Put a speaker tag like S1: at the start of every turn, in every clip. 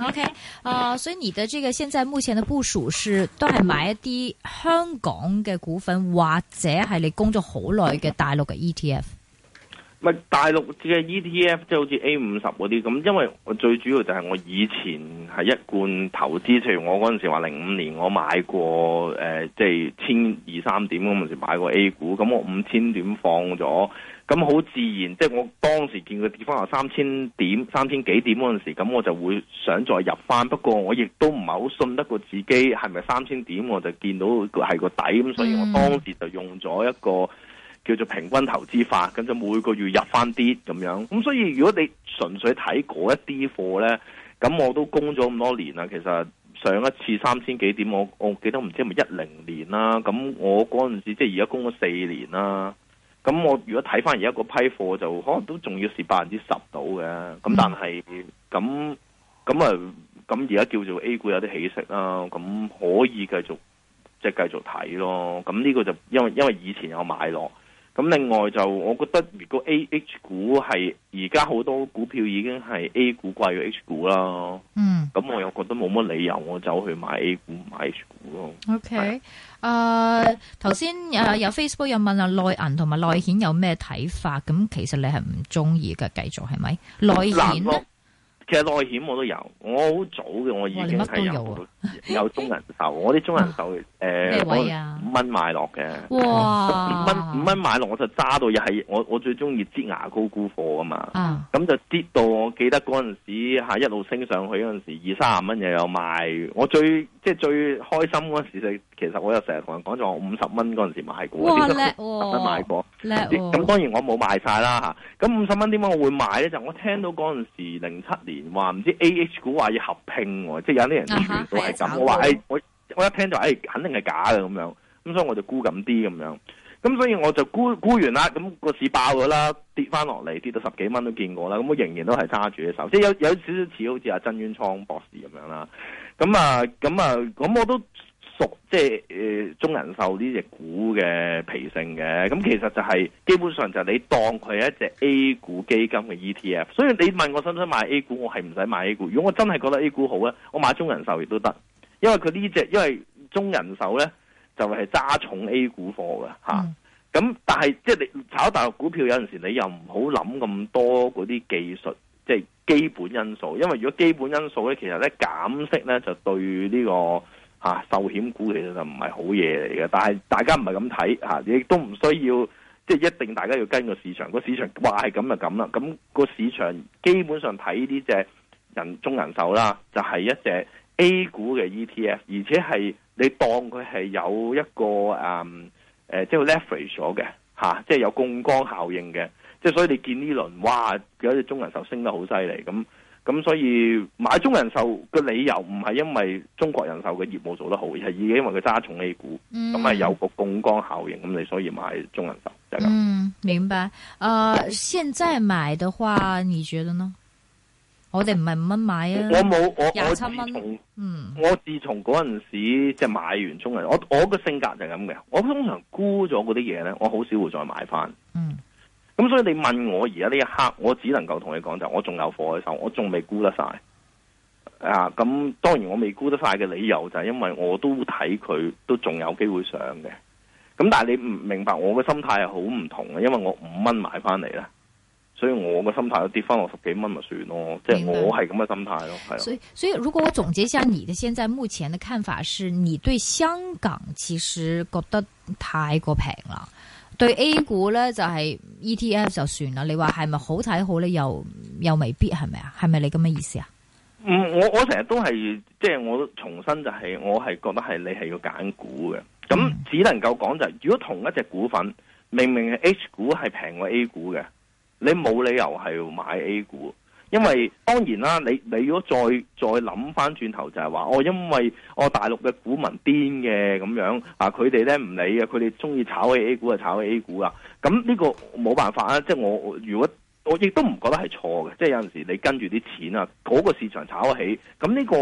S1: O K，啊，所以你的這個現在目前的部署是都係買一啲香港嘅股份，或者係你工作好耐嘅大陸嘅 E T F。
S2: 唔係大陸嘅 E T F，即係好似 A 五十嗰啲咁，因為我最主要就係我以前係一貫投資，譬如我嗰陣時話零五年我買過誒，即係千二三點咁陣時買過 A 股，咁我五千點放咗。咁好自然，即係我當時見佢地方有三千點、三千幾點嗰陣時，咁我就會想再入翻。不過我亦都唔係好信得過自己係咪三千點，我就見到係個底咁，所以我當時就用咗一個叫做平均投資法，咁就每個月入翻啲咁樣。咁所以如果你純粹睇嗰一啲貨呢，咁我都供咗咁多年啦。其實上一次三千幾點，我我記得唔知係咪一零年啦。咁我嗰陣時即係而家供咗四年啦。咁我如果睇翻而家嗰批貨就可能都仲要蝕百分之十到嘅，咁但係咁咁啊，咁而家叫做 A 股有啲起色啦，咁可以繼續即係繼續睇咯。咁呢個就因為因為以前有買落。咁另外就，我覺得如果 A H 股係而家好多股票已經係 A 股貴 H 股啦，嗯，咁我又覺得冇乜理由我走去買 A 股買 H 股咯。
S1: OK，誒，頭先、呃、有 Facebook 有問啊，內銀同埋內險有咩睇法，咁其實你係唔中意嘅，繼
S2: 續係咪內險其實內險我,有我,我有、哦、都有，我好早嘅我已經係有有中人壽。 我啲中人壽誒、呃啊、五蚊買落嘅，五蚊五蚊買落我就揸到又係我我最中意擠牙膏沽貨啊嘛，咁、啊、就跌到我記得嗰陣時一路升上去嗰陣時二三十蚊又有賣，我最即係最開心嗰陣時就。其實我又成日同人講，我五十蚊嗰陣時買嘅喎，特登買過咁、哦、當然我冇賣曬啦，咁五十蚊點解我會買咧？就是、我聽到嗰陣時零七年話唔知 A H 股話要合併喎，即係有啲人全部係咁。我話誒，我我一聽就誒、哎，肯定係假嘅咁樣。咁所以我就沽咁啲咁樣。咁所以我就沽完啦。咁、那個市爆咗啦，跌翻落嚟，跌到十幾蚊都見過啦。咁我仍然都係揸住嘅手，即係有有少少似好似阿曾淵滄博士咁樣啦。咁啊咁啊咁我都。即係誒、呃、中人壽呢隻股嘅脾性嘅，咁其實就係、係、基本上就是你當佢係一隻 A 股基金嘅 ETF，所以你問我想唔想買 A 股，我係唔使買 A 股。如果我真係覺得 A 股好咧，我買中人壽亦都得，因為佢呢隻因為中人壽咧就係、係、揸重 A 股貨嘅嚇。咁、嗯啊、但係即係你炒大陸股票有陣時，你又唔好諗咁多嗰啲技術，即係基本因素。因為如果基本因素咧，其實咧減息咧就對呢、呢個。啊，壽險股其實就唔係好嘢嚟嘅，但係大家唔係咁睇，嚇、啊、你都唔需要即係、就是、一定大家要跟市、那個市場，是這樣這樣那個市場話係咁就咁啦。咁個市場基本上睇呢隻人中人壽啦，就係、是、一隻 A 股嘅 ETF，而且係你當佢係有一個誒誒即係 leverage 咗嘅嚇，即、嗯、係、呃就是啊就是、有槓桿效應嘅，即係所以你見呢輪哇，有一隻中人壽升得好犀利咁。咁所以買中人壽嘅理由唔係因為中國人壽嘅業務做得好，而係已經因為佢揸重 A 股，咁、嗯、係有個槓桿效應咁，你所以買中人壽，就係
S1: 咁。嗯，明白。啊、呃，現在買嘅話，你覺得呢？我哋唔係唔乜買啊？我冇我有
S2: 自從嗯，我自從嗰陣時即係、就是、買完中人，我我個性格就咁嘅。我通常沽咗嗰啲嘢咧，我好少會再買翻。嗯。咁所以你問我而家呢一刻，我只能夠同你講，就，我仲有貨喺手，我仲未沽得晒。啊，咁當然我未沽得晒嘅理由就係因為我都睇佢都仲有機會上嘅。咁但係你唔明白我嘅心態係好唔同嘅，因為我五蚊買翻嚟啦，所以我嘅心態都跌翻落十幾蚊咪算咯，即係、就是、我係咁嘅心態咯，係咯，所以
S1: 所以如果我總結一下，你的現在目前的看法，是你對香港其實覺得太過平啦。對 A 股，咧就係、是、ETF 就算啦，你話係咪好睇好咧又又未必係咪啊？係咪你咁嘅意思啊？嗯，
S2: 我我成日都係即係我重申就係、是、我係覺得係你係要揀股嘅，咁只能夠講就係、是、如果同一隻股份明明 H 股係平過 A 股嘅，你冇理由係買 A 股。因為當然啦，你你如果再再諗翻轉頭就是說，就係話哦，因為我、哦、大陸嘅股民癲嘅咁樣啊，佢哋咧唔理嘅，佢哋中意炒起 A 股就炒起 A 股啦。咁呢個冇辦法啊，即係我如果我亦都唔覺得係錯嘅，即係有陣時候你跟住啲錢啊，嗰、嗰個市場炒得起，咁呢、呢個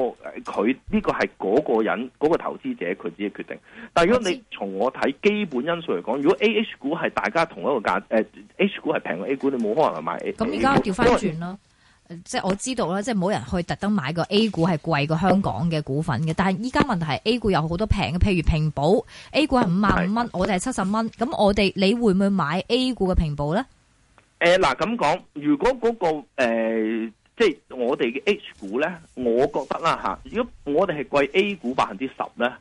S2: 佢呢、呢個係嗰個人嗰、嗰個投資者佢自己決定。但係如果你從我睇基本因素嚟講，如果 A H 股係大家同一個價誒、呃、H 股係平過 A 股，你冇可能買 A 股。咁而家調翻轉啦。
S1: 即係我知道啦，即係冇人去特登買個 A 股係貴過香港嘅股份嘅。但係依家問題係 A 股有好多平嘅，譬如平保 A 股係五萬五蚊，我哋係七十蚊。咁我哋你會唔會買 A 股嘅平保呢？
S2: 誒、呃、嗱，咁講，如果嗰個，誒，即係我哋嘅 H 股呢，我覺得啦嚇，如果我哋係貴 A 股百分之十呢，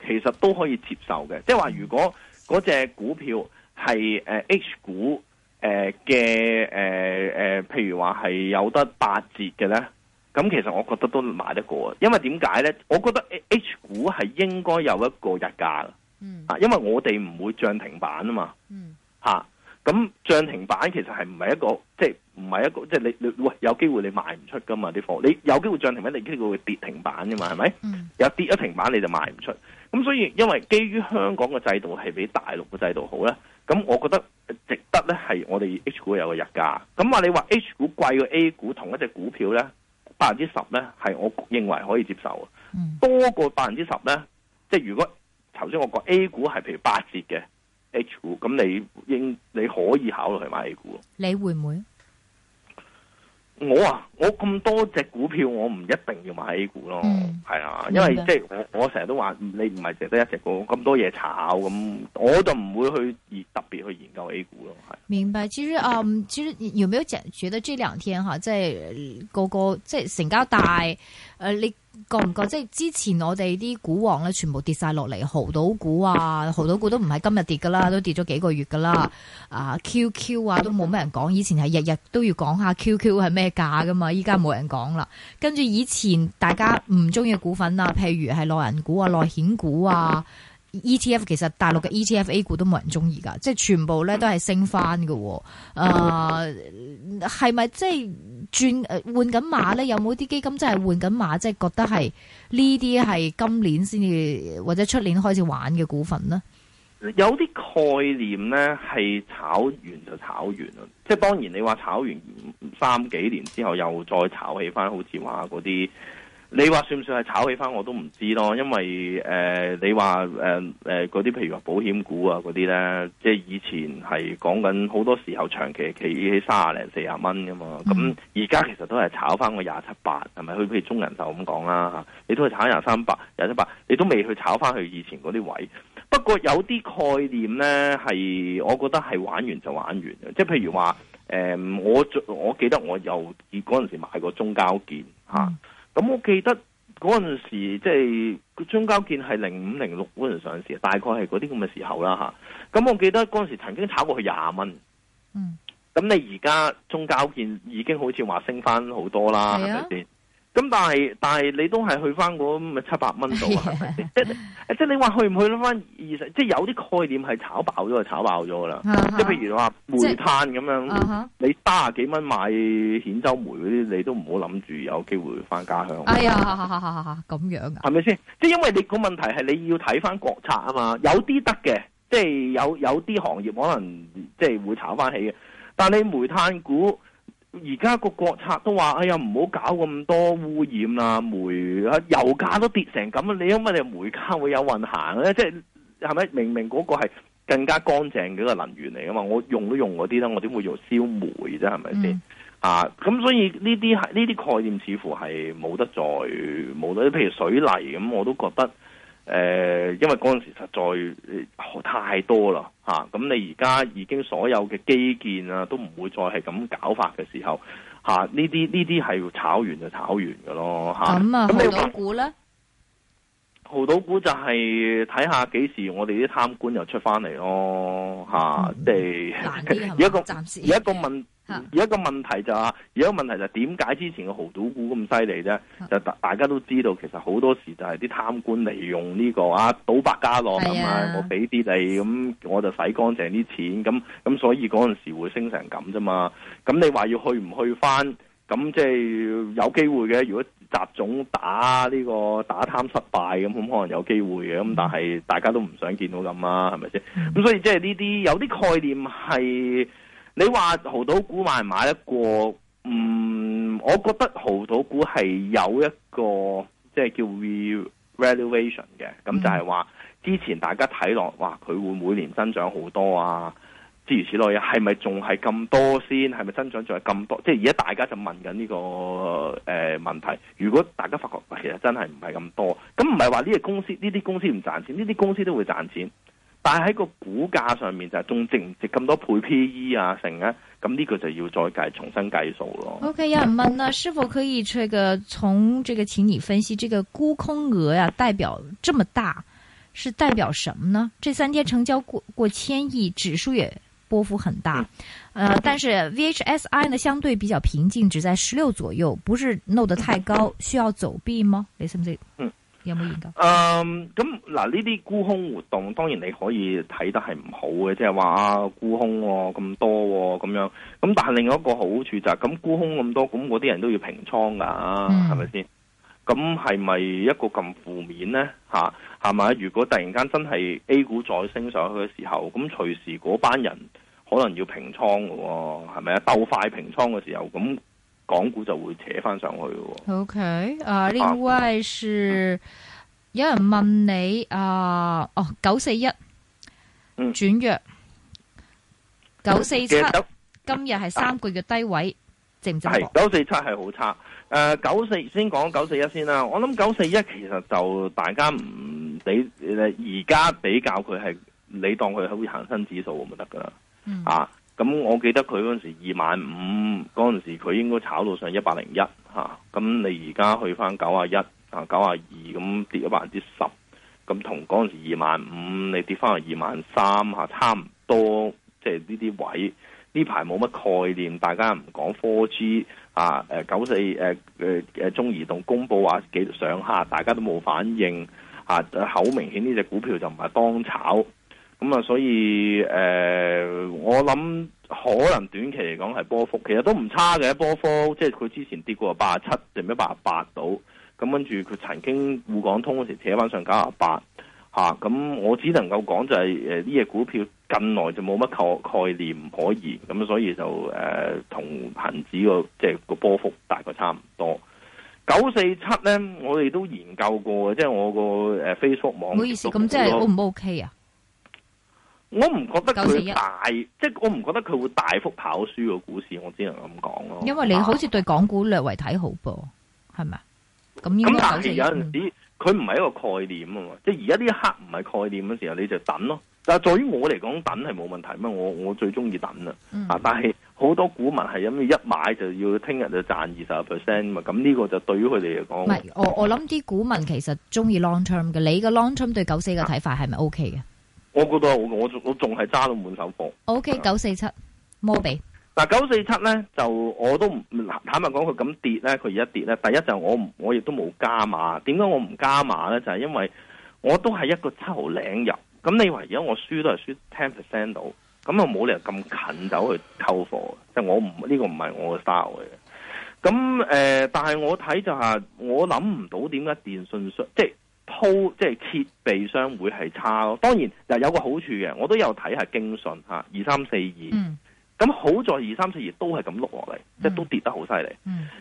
S2: 其實都可以接受嘅。即係話如果嗰隻股票係誒 H 股。誒嘅誒誒，譬如話係有得八折嘅咧，咁其實我覺得都買得過，因為點解咧？我覺得 H 股係應該有一個日價啊、嗯，因為我哋唔會漲停板啊嘛，吓、嗯、咁、啊、漲停板其實係唔係一個，即係唔係一個，即、就、係、是、你，你，你喂有機會你賣唔出噶嘛啲貨，你有機會漲停板，你機會跌停板噶嘛，係咪、嗯？有跌一停板你就賣唔出，咁所以因為基於香港嘅制度係比大陸嘅制度好咧，咁我覺得。得咧，係我哋 H 股有個日價，咁話你話 H 股貴過 A 股同一隻股票咧，百分之十咧係我認為可以接受、
S1: 嗯，
S2: 多過百分之十咧，即係如果頭先我講 A 股係譬如八折嘅 H 股，咁你應你可以考慮去買 A 股，
S1: 你會唔會？
S2: 我啊，我咁多隻股票，我唔一定要買 A 股咯，係、嗯、啊，因為即係我成日都話，你唔係淨得一隻股咁多嘢炒，咁我就唔會去而特別去研究 A 股咯，係、啊。
S1: 明白，其實啊、嗯，其實有冇有覺覺得這兩天即、啊、在個個即係成交大，誒、呃、你？覺唔覺？即係之前我哋啲股王咧，全部跌晒落嚟，濠賭股啊，濠賭股都唔係今日跌噶啦，都跌咗幾個月噶啦。啊，QQ 啊，都冇咩人講。以前係日日都要講下 QQ 係咩價噶嘛，依家冇人講啦。跟住以前大家唔中意嘅股份啦、啊，譬如係內銀股啊、內險股啊、ETF，其實大陸嘅 ETF A 股都冇人中意噶，即係全部咧都係升翻噶。啊，係咪即係？轉換緊馬呢，有冇啲基金真係換緊馬？即係覺得係呢啲係今年先至或者出年開始玩嘅股份呢？
S2: 有啲概念呢，係炒完就炒完啦，即係當然你話炒完三幾年之後又再炒起翻，好似話嗰啲。你話算唔算係炒起翻？我都唔知咯，因為誒、呃，你話誒誒嗰啲譬如話保險股啊嗰啲咧，即係以前係講緊好多時候長期企喺三啊零四啊蚊噶嘛，咁而家其實都係炒翻個廿七八，係咪？佢譬如中人壽咁講啦嚇，你都係炒廿三百、廿七八，你都未去炒翻去以前嗰啲位。不過有啲概念咧係，我覺得係玩完就玩完嘅，即係譬如話誒、呃，我我記得我又嗰陣時買過中交建嚇。嗯。咁我記得嗰陣時，即係中交建係零五零六嗰陣上市，大概係嗰啲咁嘅時候啦吓。咁我記得嗰陣時曾經炒過去廿蚊。嗯。咁你而家中交建已經好似話升翻好多啦，係咪先？咁但係但係你都係去翻嗰七百蚊度啊！即 係，就是就是，你話去唔去得翻二十？即係，就是，有啲概念係炒爆咗就炒爆咗啦！ 即係譬如話煤炭咁樣，你三十幾蚊買顯州煤嗰啲，你都唔好諗住有機會翻家鄉。 哎
S1: 呀，咁樣㗎，
S2: 啊，係咪先？即，就，係，是，因為你個問題係你要睇翻國策啊嘛。有啲得嘅，即，就，係，是，有有啲行業可能即係，就是，會炒翻起嘅，但係你煤炭股。而家個國策都話：哎呀，唔好搞咁多污染啊，煤啊，油價都跌成咁啊！你因為你煤卡會有運行咧，即係係咪明明嗰個係更加乾淨嘅個能源嚟噶嘛？我用都用嗰啲啦，我點會用燒煤啫？係咪先啊？咁所以呢啲係呢啲概念似乎係冇得再，冇得，譬如水泥咁，我都覺得。誒、呃，因為嗰陣時實在太多啦，吓、啊、咁你而家已經所有嘅基建啊，都唔會再係咁搞法嘅時候，吓、呢啲呢啲係要炒完就炒完噶咯，吓、嗯、咁、啊、你估股咧？豪島股就係睇下幾時我哋啲貪官又出翻嚟咯，吓、即係有一個暫時一個問題。嗯而家個問題就係、是，而家個問題就係點解之前嘅豪賭股咁犀利啫？就大大家都知道，其實好多時就係啲貪官利用呢、這個啊賭百家樂咁嘛、啊，我俾啲你一些，咁我就洗乾淨啲錢，咁咁所以嗰陣時會升成咁啫嘛。咁你話要去唔去翻？咁即係有機會嘅。如果習總打呢、這個打貪失敗，咁可能有機會嘅。咁、嗯、但係大家都唔想見到咁啊，係咪先？咁所以即係呢啲有啲概念係。你話濠賭股買唔買得過？嗯，我覺得濠賭股係有一個即係叫 revaluation 嘅，咁、嗯、就係話之前大家睇落，哇，佢會每年增長好多啊，諸如此類，係咪仲係咁多先？係咪增長仲係咁多？即係而家大家就問緊呢個誒問題。如果大家發覺其實真係唔係咁多，咁唔係話呢啲公司呢啲公司唔賺錢，呢啲公司都會賺錢。但喺個股價上面就係仲值唔值咁多倍 P E 啊成啊，咁、這、呢個就要再計重新計數咯。
S1: OK，有人問那是否可以這個從這個請你分析這個沽空額呀、啊，代表這麼大是代表什麼呢？這三天成交過過千億，指數也波幅很大，嗯、呃，但是 V H S I 呢相對比較平靜，只在十六左右，不是鬧得太高，需要走避嗎？李生，這嗯。
S2: 有冇研究？嗯，咁嗱，呢啲沽空活動當然你可以睇得係唔好嘅，即係話沽空啊，咁多啊，咁樣。咁但係另外一個好處就係、是，咁沽空咁多，咁嗰啲人都要平倉㗎、啊，係咪先？咁係咪一個咁負面呢？吓係咪？如果突然間真係 A 股再升上去嘅時候，咁隨時嗰班人可能要平倉㗎、啊，係咪啊？鬥快平倉嘅時候咁。港股就會扯翻上去
S1: 喎、哦。OK，啊另外是有人問你啊，哦九四一，941, 嗯轉弱，九四七今日係三個月低位，正唔正確？係
S2: 九四七係好差。誒九四先講九四一先啦。我諗九四一其實就大家唔理而家比較佢係，你當佢好似行生指數咁得㗎啦。啊。咁我記得佢嗰陣時二萬五，嗰陣時佢應該炒到上一百零一吓，咁你而家去翻九啊一啊九啊二，咁跌咗百分之十。咁同嗰陣時二萬五，你跌翻去二萬三吓，差唔多。即係呢啲位，呢排冇乜概念，大家唔講科誒九四，中移動公佈話幾上下，大家都冇反應嚇。好、啊、明顯呢隻股票就唔係當炒。咁、嗯、啊，所以誒、呃，我諗可能短期嚟講，係波幅，其實都唔差嘅波幅。即係佢之前跌過八十七定唔知八八到，咁跟住佢曾經滬港通時時扯翻上九十八吓，咁、嗯、我只能夠講就係誒呢隻股票近來就冇乜概概念唔可以，咁、嗯、所以就誒同恒指個即係個波幅大概差唔多。九四七咧，我哋都研究過嘅，即係我個誒 Facebook 網，唔好意思，咁即係 O 唔
S1: OK 啊？我唔覺得佢大，
S2: 即係我唔覺得佢會大幅跑輸個股市，我只能咁講咯。因為你好似
S1: 對港股略為睇好噃，係、啊、咪？咁咁但係有陣
S2: 時佢唔係一個概念啊嘛，即係而家呢一刻唔係概念嘅時候，你就等咯。但係對於我嚟講，等係冇問題咩？我我最中意等、嗯、啊，但係好多股民係因為一買就要聽日就賺二十 percent 嘛，咁呢個就對於佢哋嚟講，
S1: 我我諗啲股民其實中意 long term 嘅。你個 long term 對九四嘅睇法係咪 OK 嘅？啊
S2: 我覺得我我仲我仲係揸到滿手貨。
S1: O K 九四七，摩比。
S2: 嗱九四七咧就我都唔坦白講佢咁跌咧，佢而家跌咧。第一就我我亦都冇加碼。點解我唔加碼咧？就係、是、因為我都係一個七毫領入。咁你唯一我輸都係輸 ten percent 到，咁啊冇理由咁近走去溝貨、就是這個呃就是。即係我唔呢個唔係我嘅 style 嚟嘅。咁誒，但係我睇就係我諗唔到點解電訊商即係。即係設備商會係差咯，當然就有個好處嘅，我都有睇、啊嗯、下京信吓二三四二，咁好在二三四二都係咁碌落嚟，即係都跌得好犀利。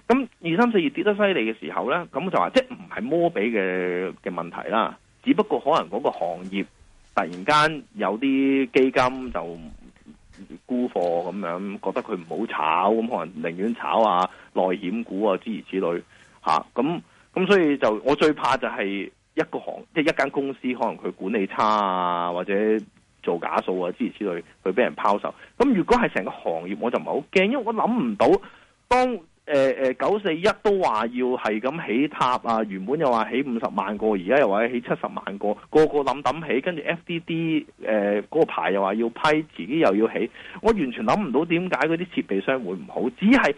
S2: 咁二三四二跌得犀利嘅時候呢，咁就話即係唔係摩比嘅嘅問題啦，只不過可能嗰個行業突然間有啲基金就沽貨咁樣，覺得佢唔好炒，咁可能寧願炒下內險啊內險股啊諸如此類吓，咁咁所以就我最怕就係、是。一個行即係一間公司，可能佢管理差啊，或者做假數啊，之之類，佢俾人拋售。咁如果係成個行業，我就唔係好驚，因為我諗唔到當誒誒、呃、九四一都話要係咁起塔啊，原本又話起五十萬個，而家又話起七十萬個，個個諗諗起，跟住 FDD 誒、呃、嗰、嗰個牌又話要批，自己又要起，我完全諗唔到點解嗰啲設備商會唔好，只係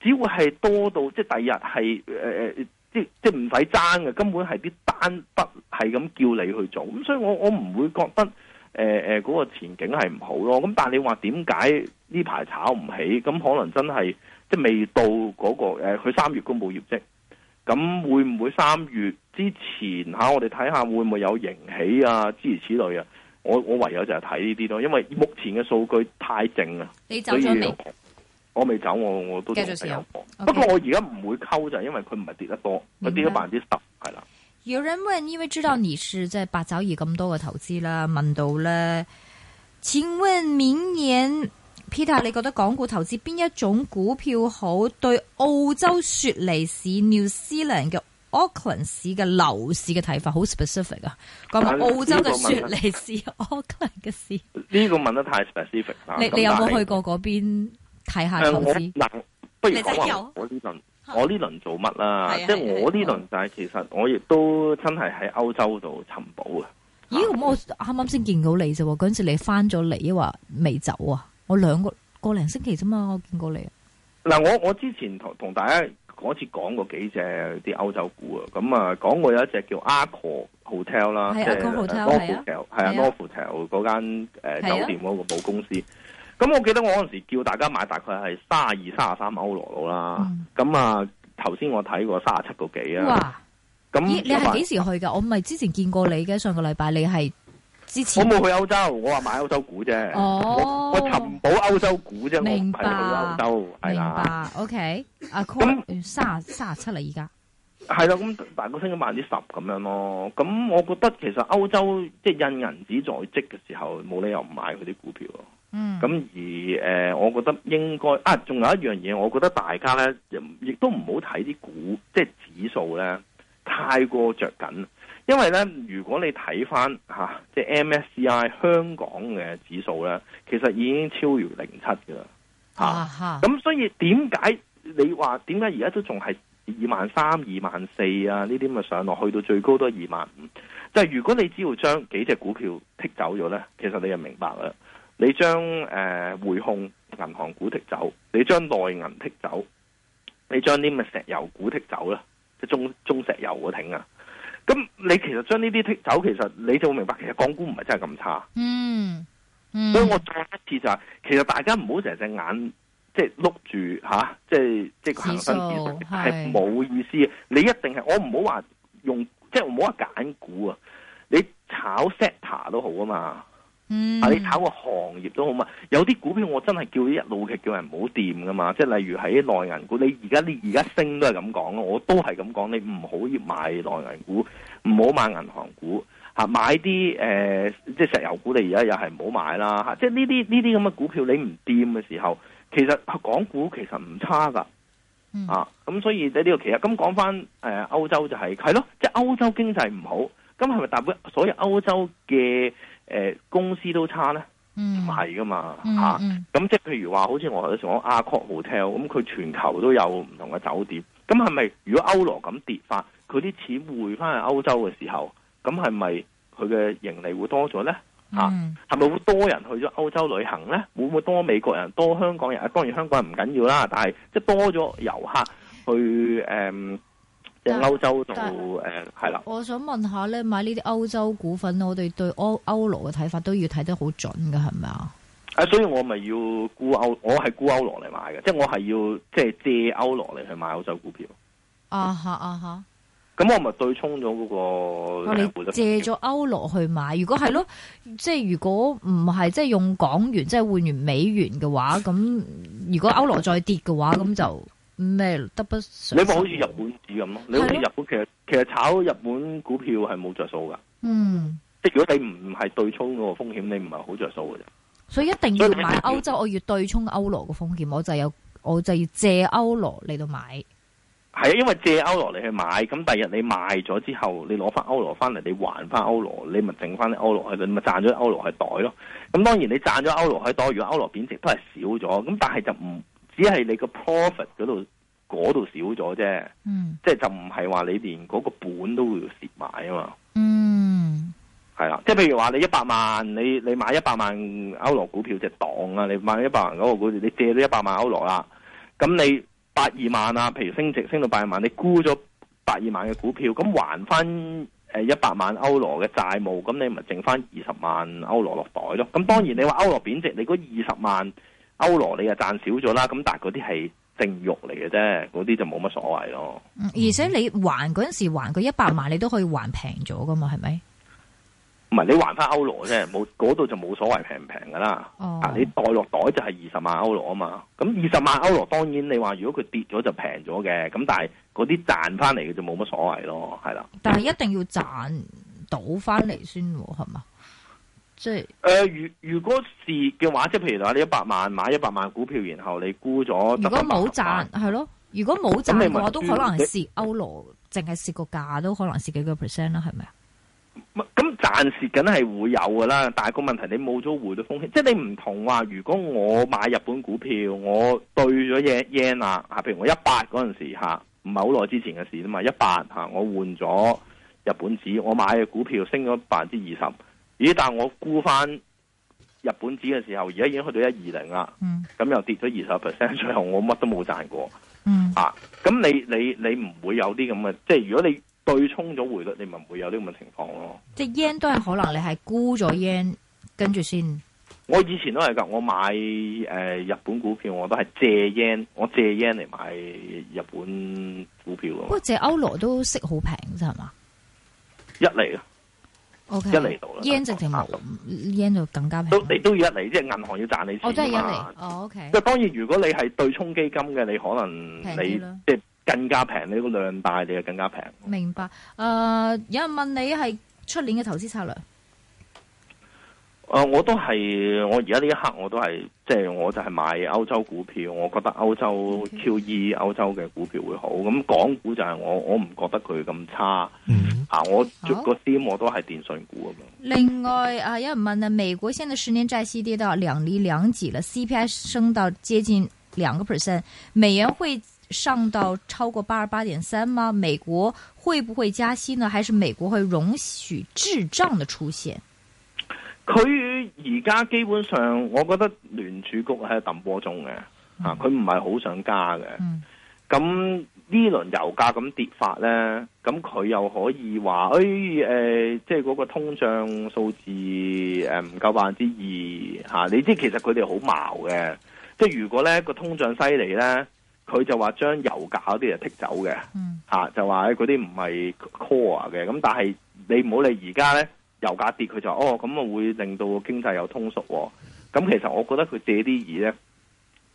S2: 只會係多到即係第日係誒誒。呃即即唔使爭嘅，根本係啲單筆係咁叫你去做，咁所以我我唔會覺得誒誒嗰個前景係唔好咯。咁但係你話點解呢排炒唔起？咁可能真係即係未到嗰個、呃、佢三月公佈業績，咁會唔會三月之前吓、啊、我哋睇下會唔會有盈起啊？諸如此類啊！我我唯有就係睇呢啲咯，因為目前嘅數據太靜啊。你走咗未？我未走，我我都仲持有。不過我而家唔會溝就係因為佢唔係跌得多，佢跌咗百
S1: 分之十，係啦。有人問，因為知道你是在八爪魚咁多嘅投資啦，問到咧，請問明年 Peter，你覺得港股投資邊一種股票好？對澳洲雪梨市、嗯、New Zealand 嘅 Auckland 市嘅樓市嘅睇法，好 specific 啊！
S2: 講澳洲嘅雪梨
S1: 市 Auckland 嘅、
S2: 啊、市，呢、啊啊啊啊、 個問得太 specific。你你有冇去
S1: 過嗰邊？睇下投資、嗯、
S2: 我不如講話我呢輪，我呢輪做乜啦？即係我呢輪就係其實我亦都真係喺歐洲度尋寶嘅、哎。
S1: 咦？嗯、我啱啱先見到你啫，嗰陣時你翻咗嚟，話未走啊？我兩個個零星期啫嘛，我見過你。
S2: 嗱，我我之前同同大家嗰次講過幾隻啲歐洲股啊，咁啊講過有一隻叫 Accor Hotel 啦，係、就、Accor、是、Hotel 係啊 Accor Hotel 嗰間酒店嗰個母公司。咁、嗯、我記得我嗰陣時叫大家買大概係三十二、三十三歐羅佬啦。咁、嗯嗯、啊，頭先我睇過三十七個幾啊。咁你你係幾時
S1: 去噶？我唔係之前見過你嘅，上個禮拜你係之前。我冇去
S2: 歐洲，我話買歐洲股啫。哦，我尋寶歐洲股啫。我唔係去歐洲係啦。明白。
S1: O K。啊，咁、okay, 嗯、三十三十七啦，而、嗯、家。
S2: 係啦，咁大概升咗百分之十咁樣咯。咁我覺得其實歐洲即係印銀紙在積嘅時候，冇理由唔買佢啲股票。嗯，咁而誒，我覺得應該啊，仲有一樣嘢，我覺得大家咧，亦都唔好睇啲股，即係指數咧，太過着緊。因為咧，如果你睇翻吓，即係 MSCI 香港嘅指數咧，其實已經超越零七噶啦，吓，啊，咁，啊啊，所以點解你話，點解而家都仲係二萬三、二萬四啊？呢啲咪上落去到最高都係二萬五？但係如果你只要將幾隻股票剔走咗咧，其實你就明白啦。你將誒匯控銀行股剔走，你將內銀剔走，你將啲咁嘅石油股剔走啦，即係中中石油個頂啊！咁你其實將呢啲剔走，其實你就會明白，其實港股唔係真係咁差嗯。嗯，所以我再一次就係、是，其實大家唔好成隻眼即係碌住吓，即係、啊、即係行新指數係冇意思的。你一定係我唔好話用，即係唔好話揀股啊，你炒 setter 都好啊嘛。啊、嗯！你炒個行業都好嘛？有啲股票我真係叫一路嘅，叫人唔好掂噶嘛。即係例如喺內銀股，你而家你而家升都係咁講咯。我都係咁講，你唔好買內銀股，唔好買銀行股吓，買啲誒，即、呃、係石油股。你而家又係唔好買啦吓。即係呢啲呢啲咁嘅股票，你唔掂嘅時候，其實港股其實唔差噶、嗯。啊，咁所以呢個其實咁講翻誒，歐洲就係、是、係咯，即係歐洲經濟唔好，咁係咪代表所有歐洲嘅？誒、呃、公司都差呢，唔係噶嘛嚇，咁即係譬如話，好似我頭先講 Accor Hotel，咁佢全球都有唔同嘅酒店，咁係咪如果歐羅咁跌翻，佢啲錢匯翻去歐洲嘅時候，咁係咪佢嘅盈利會多咗呢？嚇、啊，係咪會多人去咗歐洲旅行呢？會唔會多美國人多香港人？當然香港人唔緊要啦，但係即係多咗遊客去誒。嗯歐洲度誒，係
S1: 啦，我想問下咧，買呢啲歐洲股份，我哋對歐歐羅嘅睇法都要睇得好準嘅，係咪啊？
S2: 啊，所以我咪要沽歐，我係沽歐羅嚟買嘅，即係我係要即係借歐羅嚟去買歐洲股票。
S1: 啊哈啊哈，
S2: 咁我咪對沖咗嗰個。你借
S1: 咗歐羅去買， 如果係咯，即係如果唔係，即係用港元即係換完美元嘅話，咁如果歐羅再跌嘅話，咁就。咩得不？你咪好似日
S2: 本紙咁咯，你好似日本，其實其實炒日本股票係冇着數㗎。嗯，即係如果你唔係對沖嗰個風險，你唔係好着數嘅啫。
S1: 所以一定要買歐洲，我要對沖歐羅嘅風險，我就有，我就要借歐羅嚟到買。
S2: 係啊，因為借歐羅嚟去買，咁第日你賣咗之後，你攞翻歐羅翻嚟，你還翻歐羅，你咪剩翻啲歐羅，去你咪賺咗歐羅係袋咯。咁當然你賺咗歐羅係袋，如果歐羅貶值都係少咗，咁但係就唔。只係你個 profit 嗰度，度少咗啫，嗯，即係就唔係話你連嗰個本都會蝕埋啊嘛。
S1: 嗯，
S2: 係啦，即係譬如話你一百萬，你你買一百萬歐羅股票就當啊，你買一百萬歐羅股票，你借咗一百萬歐羅啦，咁你百二萬啊，譬如升值升到百二萬，你沽咗百二萬嘅股票，咁還翻誒一百萬歐羅嘅債務，咁你咪剩翻二十萬歐羅落袋咯。咁當然你話歐羅貶值，你嗰二十萬。歐羅你又賺少咗啦，咁但係嗰啲係正入嚟嘅啫，嗰啲就冇乜所謂咯。
S1: 嗯，而且你還嗰陣時還佢一百萬，你都可以還平咗噶嘛，係咪？
S2: 唔係你還翻歐羅啫，冇嗰度就冇所謂平唔平噶啦。哦，但你袋落袋就係二十萬歐羅啊嘛，咁二十萬歐羅，當然你話如果佢跌咗就平咗嘅，咁但係嗰啲賺翻嚟嘅就冇乜所謂咯，係啦。
S1: 但係一定要賺到翻嚟先係嘛？係咪？
S2: 即係誒，如如果蝕嘅話，即係譬如話你一百萬買一百萬股票，然後你沽咗，如果冇
S1: 賺係咯，如果冇賺嘅話，都可能係蝕歐羅，淨係蝕個價都可能蝕幾個 percent 啦，係咪啊？
S2: 咁暫時梗係會有噶啦，但係個問題你冇咗匯率風險，即係你唔同話，如果我買日本股票，我兌咗 yen 啊，吓，譬如我一百嗰陣時吓，唔係好耐之前嘅事啊嘛，一百吓，我換咗日本紙，我買嘅股票升咗百分之二十。咦！但係我估翻日本指嘅時候，而家已經去到一二零啦，咁、嗯、又跌咗二十 percent 我乜都冇賺過。嗯、啊，咁你你你唔會有啲咁嘅，即係如果你對沖咗匯率，你咪唔會有啲咁嘅情況咯。
S1: 即係 yen 都係可能你係估咗 yen 跟住先。
S2: 我以前都係噶，我買誒、呃、日本股票，我都係借 yen，我借 yen 嚟買日本股票噶。不過
S1: 借歐羅都息好平，真係嘛？
S2: 一嚟啊！O、okay. K，一嚟到
S1: 啦，yen 直情冇，yen 就更加平。都
S2: 你都要一嚟，即係銀行要賺你錢啊嘛。我、oh, 即係一嚟，哦，O K。即係當然，如果你係對沖基金嘅，你可能你即係更加平。你個量大，你就更加平。
S1: 明白。誒、呃，有人問你係出年嘅投資策略。
S2: 誒、uh，我都係，我而家呢一刻我都係，即、就、係、是、我就係買歐洲股票，我覺得歐洲 QE 歐、okay. 洲嘅股票會好。咁港股就係我，我唔覺得佢咁差。mm -hmm. 啊 oh. 啊，我逐個點我都係電信股咁。
S1: 另外啊，有人問美國現在十年債息跌到兩厘兩幾了，CPI 升到接近兩個 percent，美元會上到超過八十八點三嗎？美國會不會加息呢？還是美國會容許滯脹的出現？
S2: 佢而家基本上，我覺得聯儲局喺度揼波鐘嘅，啊，佢唔係好想加嘅。咁、嗯、呢輪油價咁跌法呢，咁佢又可以話，誒、哎，即係嗰個通脹數字唔夠百分之二。你知其實佢哋好茅嘅，即、就、係、是、如果呢個通脹犀利呢，佢就話將油價嗰啲啊剔走嘅、嗯啊，就話嗰啲唔係 core 嘅。咁但係你唔好理而家呢。油價跌，佢就說，哦，咁啊會令到個經濟有通縮，哦，咁其實我覺得佢借啲意咧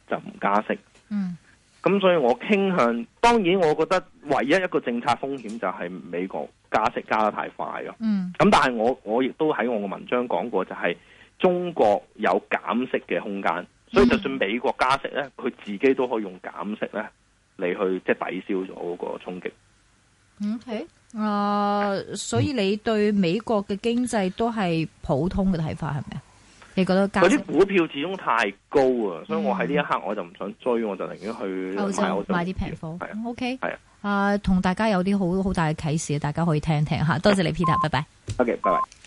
S2: 就唔加息，嗯，咁所以我傾向，當然我覺得唯一一個政策風險就係美國加息加得太快咯，嗯，咁但係我我亦都喺我嘅文章講過，就係中國有減息嘅空間，所以就算美國加息咧，佢自己都可以用減息咧嚟，去即係、就是、抵消咗嗰個衝擊。嗯、
S1: okay。啊、呃，所以你對美國嘅經濟都係普通嘅睇法，係咪？你覺得嗰啲
S2: 股票始終太高啊，所以我喺呢一刻我就唔想追，我就寧願去買啲平
S1: 貨。OK 係啊，同、okay? 呃、大家有啲好好大嘅啟示，大家可以聽聽吓。多謝你 Peter，拜拜。
S2: OK，拜拜。